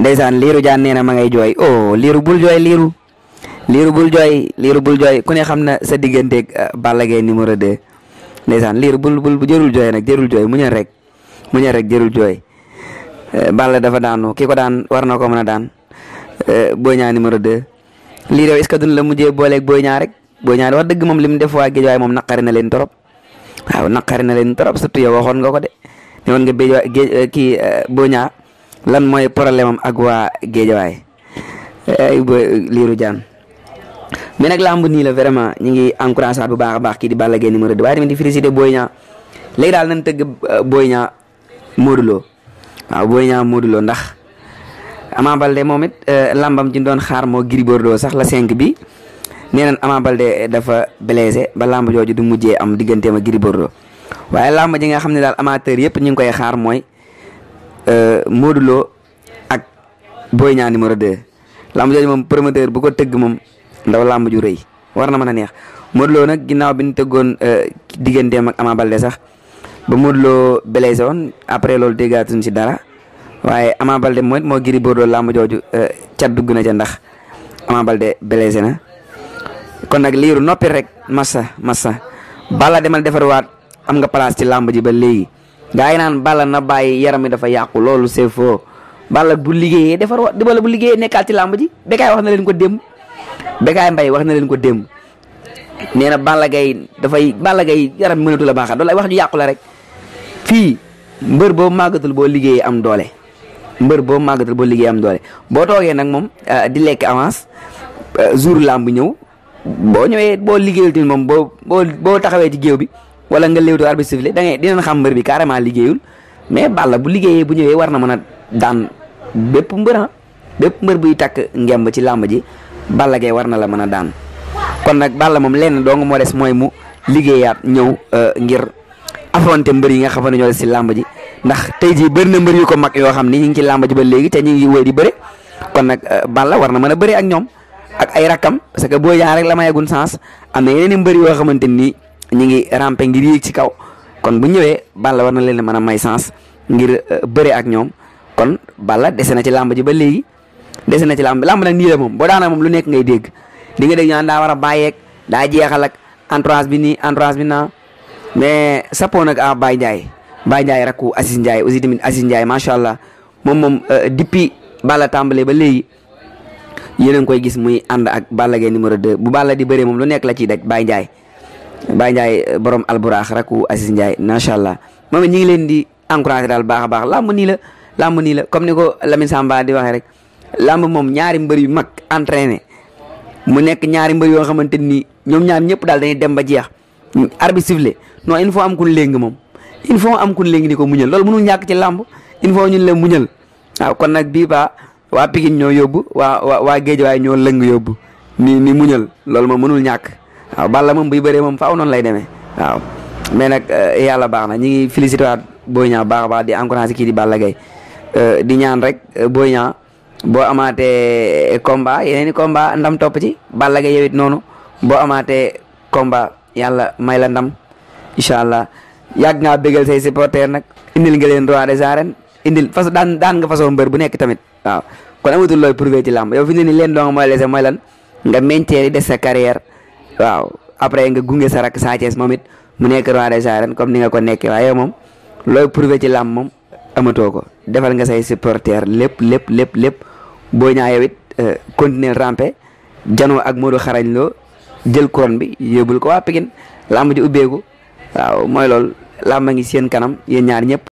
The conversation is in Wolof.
ndeysaan liiru jaan nee na ma ngay jooy oh liiru bul jooy liiru liiru bul jooy liiru bul jooy ku ne xam na sa digganteeg uh, Balla Gaye numéro 2 ndeysaan liiru bul bul jërul jooy nag jërul jooy muñal rek muñal rek jërul jooy uh, Balla dafa daanu ki ko daan war na ko mën a daan uh, Boy Niang numéro 2 lii réew est la mujjee booleeg Boy Niang rek Boy Niang wax dëgg moom li mu def waa Guédiawaye moom naqari na leen trop waaw naqari na leen trop surtout yow waxoon ko de ne woon nga Guédiawaye kii Boy Niang lan mooy problème am ak waa Géejawaay ay eh, ba Lirou Diane nag lamb nii la vraiment ñu ngi encouragé bu baax a baax kii di Balla Gaye numéro 2 waaye tamit di félicité Boy Niang léegi daal nañ tëgg euh, Boy Niang Modou Lo ndax Ama moom it euh, lambam ci doon xaar moo Gris sax la 5 bi nee nañ Ama dafa blessé ba lamb jooju du mujjee am digganteem ak Gris Bordeaux waaye lamb ji nga xam ne daal amateur yëpp ñu ngi koy xaar mooy Euh, Modou Lo ak Boy Niang numéro 2 lamb jooju moom promoteur bu ko tëgg moom ndaw lamb ju rëy war na mën a neex Modou nag ginnaaw bi ñu tëggoon euh, digganteem ak Ama Baldé sax ba Modou Lo blessé woon après loolu déggaatuñ si dara waaye Ama Baldé mooy moo Gris Bordeaux lamb jooju euh, cat dugg na ca ndax Ama Baldé blessé na kon nag liiru noppi rek massa massa bala demal defarwaat am nga place ci lamb ji ba léegi. gaa yi naan Balla na bàyyi yaram mi dafa yàqu loolu c'est faux Balla bu liggéeyee defar wa Balla bu liggéeyee nekkaat ci làmb ji Bécaye wax na leen ko dem Bécaye Mbaye wax na leen ko démb nee na Balla Gaye dafay Balla Gaye yaram mënatu la baaxaat loolu ay wax ju yàqu la rek fii mbër boo màggatul boo liggéeyee am doole mbër boo màggatul boo liggéeyee am doole boo toogee nag moom euh, di lekk avance euh, jour làmb ñëw boo ñëwee boo liggéeyul tamit moom boo boo boo taxawee ci géew bi wala nga léewtoo arbitre sifflé da ngay dinañ xam mbër bi carrément liggéeyul mais Balla bu liggéeyee bu ñëwee war na mën a daan bépp mbër ah. bépp mbër buy takk ngemb ci làmb ji Balla Gaye war na la mën a daan kon nag Balla moom lenn dong moo des mooy mu liggéeyaat ñëw euh, ngir affronter mbër yi nga xam ne ñoo si làmb ji ndax tey jii bëri na mbër yu ko mag yoo xam ni ñu ngi ci làmb ji ba léegi te ñu ngi wéy di kon nag euh, Balla war na mën a bëre ak ñoom ak ay rakkam parce que boo jaan rek la mayeegun sens am na yoo xamante ni ñu ngi rampe ngir yéeg ci kaw kon bu ñëwee Balla war na leen mën a may sens ngir euh, bëre ak ñoom kon Balla dese na ci làmb ji ba léegi dese na ci lamba làmb nag nii la moom boo daana moom lu nekk ngay dégg di nga dégg ñaan daa war a bàyyeeg daa jeexal ak entourage bi nii entourage bi naa mais sappoon ak a Baye jaay Baye Ndiaye rakku Aziz Ndiaye aussi tamit Aziz Ndiaye macha allah moom moom euh, depuis Balla tàmbalee ba léegi yeneen a ngi koy gis muy ànd ak Balla Gaye numéro de bu Balla di bëree moom lu nekk la ciy daj Baye Baye Ndiaye euh, borom alburaax rakku Aziz Ndiaye macha allah moom it ñu ngi leen di encouragé daal baax baax làmb nii la làmb nii la comme ni ko Lamine Samba di waxee rek làmb moom ñaari mbër yu mag entraîné mu nekk ñaari mbër yoo xamante ni ñoom ñaar ñëpp daal dañuy dem ba jeex arbitre sifflé non il faut am kun léng moom il faut am kun léng di ko muñal loolu mënul ñàkk ci làmb il faut ñun la muñal waaw kon nag bii ba waa Pikine ñoo yóbbu waa waa waa Géejawaay ñoo lëng yóbbu ni ni muñal loolu moom mënul ñàkk waaw Balla moom buy bëree moom faaw noonu lay demee waaw mais nag euh, yàlla baax na ñu ngi félicité waat Boy Niang baax a baax di encouragé kii di Balla Gaye euh, di ñaan rek euh, Boy ñaa boo amaatee combat yeneen i combat ndam topp ci Balla Gaye yow it noonu boo amaatee combat yàlla may la ndam incha allah yàgg ngaa bégal say supporters nag indil nga leen roi des arènes indil façon daan daan nga façon mbër bu nekk tamit waaw kon amatul looy prouvé ci làmb yow fi mu ne leen dong mooy lese mooy nga maintenir des sa waaw après nga gunge sa rakk Sa moom it mu nekk roi des arènes comme ni nga ko nekkee waaye moom looy prouvé ci làmb moom amatoo ko defal nga say supporter lépp lépp lépp lépp boo ñaa yow it euh, continuer rampe janoo ak Modou xarañ loo jël couronne bi yóbbul ko waa Pikine làmb ji ubbeeku waaw mooy loolu làmb ngi seen kanam yéen ñaar ñëpp